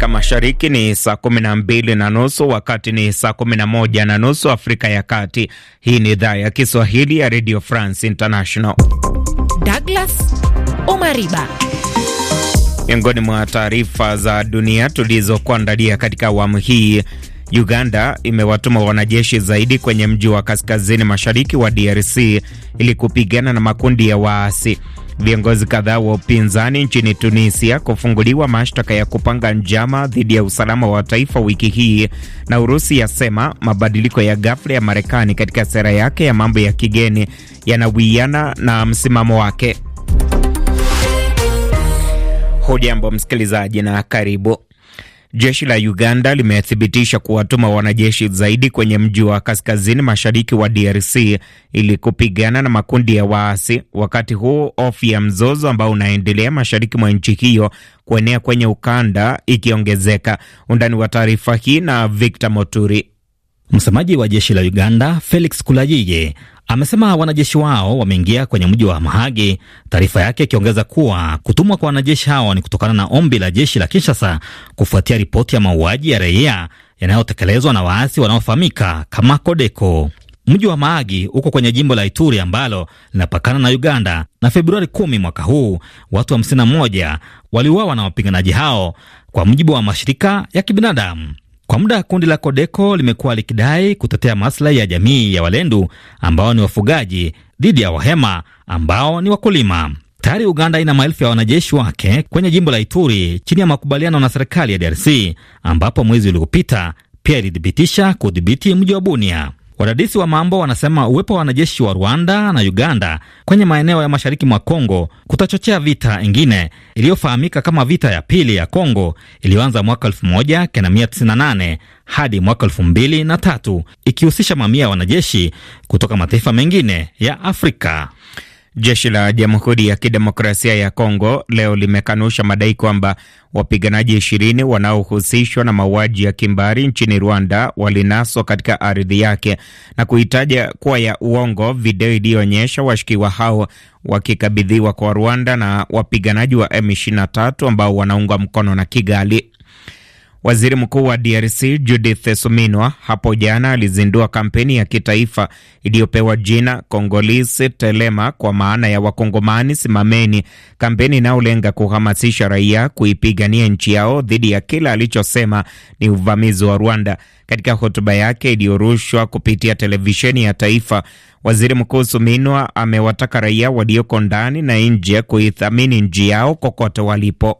Afrika Mashariki ni saa kumi na mbili na nusu wakati ni saa kumi na moja na nusu Afrika ya Kati. Hii ni idhaa ya Kiswahili ya Radio France International. Douglas Omariba miongoni mwa taarifa za dunia tulizokuandalia katika awamu hii: Uganda imewatuma wanajeshi zaidi kwenye mji wa kaskazini mashariki wa DRC ili kupigana na makundi ya waasi. Viongozi kadhaa wa upinzani nchini Tunisia kufunguliwa mashtaka ya kupanga njama dhidi ya usalama wa taifa wiki hii, na Urusi yasema mabadiliko ya ghafla ya Marekani katika sera yake ya mambo ya kigeni yanawiana na msimamo wake. Hujambo msikilizaji na karibu. Jeshi la Uganda limethibitisha kuwatuma wanajeshi zaidi kwenye mji wa kaskazini mashariki wa DRC ili kupigana na makundi ya waasi, wakati huu ofi ya mzozo ambao unaendelea mashariki mwa nchi hiyo kuenea kwenye ukanda ikiongezeka. Undani wa taarifa hii na Victor Moturi. Msemaji wa jeshi la Uganda Felix kulayiye Amesema wanajeshi wao wameingia kwenye mji wa Mahage, taarifa yake ikiongeza kuwa kutumwa kwa wanajeshi hao ni kutokana na ombi la jeshi la Kinshasa kufuatia ripoti ya mauaji ya raia yanayotekelezwa na waasi wanaofahamika kama Kodeko. Mji wa Maagi uko kwenye jimbo la Ituri ambalo linapakana na Uganda, na Februari kumi mwaka huu watu 51 wa waliuawa na wapiganaji hao, kwa mujibu wa mashirika ya kibinadamu. Kwa muda kundi la Kodeko limekuwa likidai kutetea maslahi ya jamii ya Walendu ambao ni wafugaji dhidi ya Wahema ambao ni wakulima. Tayari Uganda ina maelfu ya wanajeshi wake kwenye jimbo la Ituri chini ya makubaliano na serikali ya DRC ambapo mwezi uliopita pia ilithibitisha kudhibiti mji wa Bunia. Wadadisi wa mambo wanasema uwepo wa wanajeshi wa Rwanda na Uganda kwenye maeneo ya mashariki mwa Kongo kutachochea vita ingine iliyofahamika kama vita ya pili ya Kongo iliyoanza mwaka 1998 hadi mwaka 2003 ikihusisha mamia ya wanajeshi kutoka mataifa mengine ya Afrika. Jeshi la Jamhuri ya Kidemokrasia ya Kongo leo limekanusha madai kwamba wapiganaji ishirini wanaohusishwa na mauaji ya kimbari nchini Rwanda walinaswa katika ardhi yake na kuhitaja kuwa ya uongo video iliyoonyesha washukiwa hao wakikabidhiwa kwa Rwanda na wapiganaji wa M23 ambao wanaungwa mkono na Kigali. Waziri Mkuu wa DRC Judith Suminwa hapo jana alizindua kampeni ya kitaifa iliyopewa jina kongolisi Telema, kwa maana ya Wakongomani simameni, kampeni inayolenga kuhamasisha raia kuipigania nchi yao dhidi ya kila alichosema ni uvamizi wa Rwanda. Katika hotuba yake iliyorushwa kupitia televisheni ya taifa, waziri mkuu Suminwa amewataka raia walioko ndani na nje kuithamini nchi yao kokote walipo.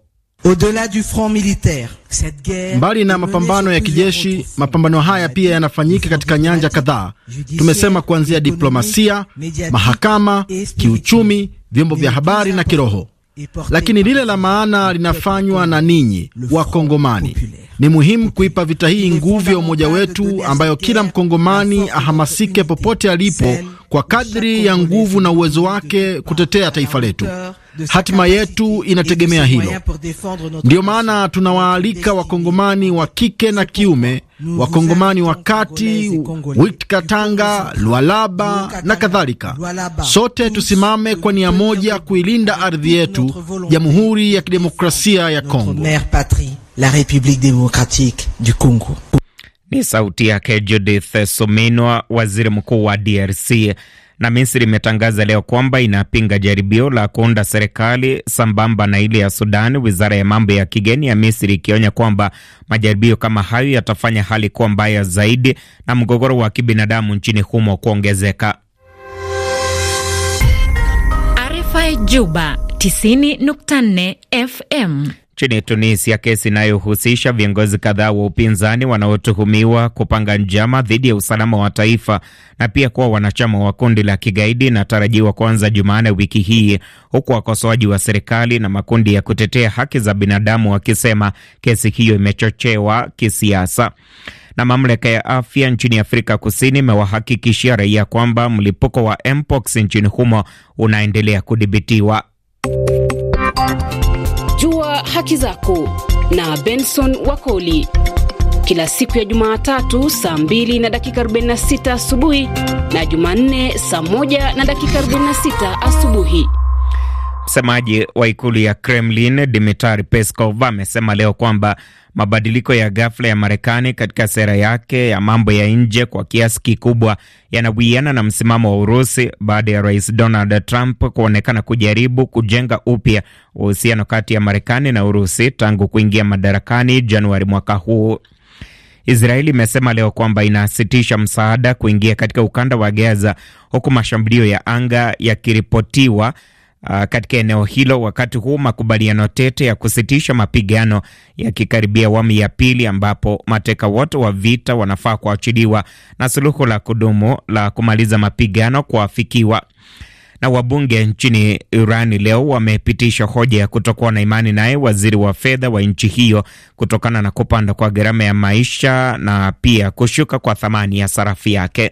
Mbali na mapambano ya kijeshi, mapambano haya pia yanafanyika katika nyanja kadhaa. Tumesema kuanzia diplomasia, mahakama, kiuchumi, vyombo vya habari na kiroho, lakini lile la maana linafanywa na ninyi Wakongomani. Ni muhimu kuipa vita hii nguvu ya umoja wetu, ambayo kila mkongomani ahamasike popote alipo kwa kadri ya nguvu na uwezo wake kutetea taifa letu. Hatima yetu inategemea hilo. Ndiyo maana tunawaalika wakongomani wa kike na kiume, wakongomani wa kati, Witkatanga, Lwalaba na kadhalika, sote tusimame kwa nia moja kuilinda ardhi yetu, Jamhuri ya Kidemokrasia ya Kongo la République démocratique du Congo. Ni sauti yake Judith Suminwa, waziri mkuu wa DRC. Na Misri imetangaza leo kwamba inapinga jaribio la kuunda serikali sambamba na ile ya Sudan, wizara ya mambo ya kigeni ya Misri ikionya kwamba majaribio kama hayo yatafanya hali kuwa mbaya zaidi na mgogoro wa kibinadamu nchini humo kuongezeka. RFI Juba 90.4 FM Nchini Tunisia, kesi inayohusisha viongozi kadhaa wa upinzani wanaotuhumiwa kupanga njama dhidi ya usalama wa taifa na pia kuwa wanachama wa kundi la kigaidi inatarajiwa kuanza Jumanne wiki hii, huku wakosoaji wa serikali na makundi ya kutetea haki za binadamu wakisema kesi hiyo imechochewa kisiasa. Na mamlaka ya afya nchini Afrika Kusini imewahakikishia raia kwamba mlipuko wa mpox nchini humo unaendelea kudhibitiwa haki zako na Benson Wakoli kila siku ya Jumatatu saa 2 na dakika 46 asubuhi na Jumanne saa 1 na dakika 46 asubuhi. Msemaji wa ikulu ya Kremlin Dmitari Peskov amesema leo kwamba mabadiliko ya ghafla ya Marekani katika sera yake ya mambo ya nje kwa kiasi kikubwa yanawiana na msimamo wa Urusi baada ya rais Donald Trump kuonekana kujaribu kujenga upya uhusiano kati ya Marekani na Urusi tangu kuingia madarakani Januari mwaka huu. Israeli imesema leo kwamba inasitisha msaada kuingia katika ukanda wa Gaza, huku mashambulio ya anga yakiripotiwa uh, katika eneo hilo, wakati huu makubaliano tete ya kusitisha mapigano yakikaribia awamu ya pili, ambapo mateka wote wa vita wanafaa kuachiliwa na suluhu la kudumu la kumaliza mapigano kuafikiwa na wabunge nchini Iran leo wamepitisha hoja ya kutokuwa na imani naye waziri wa fedha wa nchi hiyo kutokana na kupanda kwa gharama ya maisha na pia kushuka kwa thamani ya sarafu yake.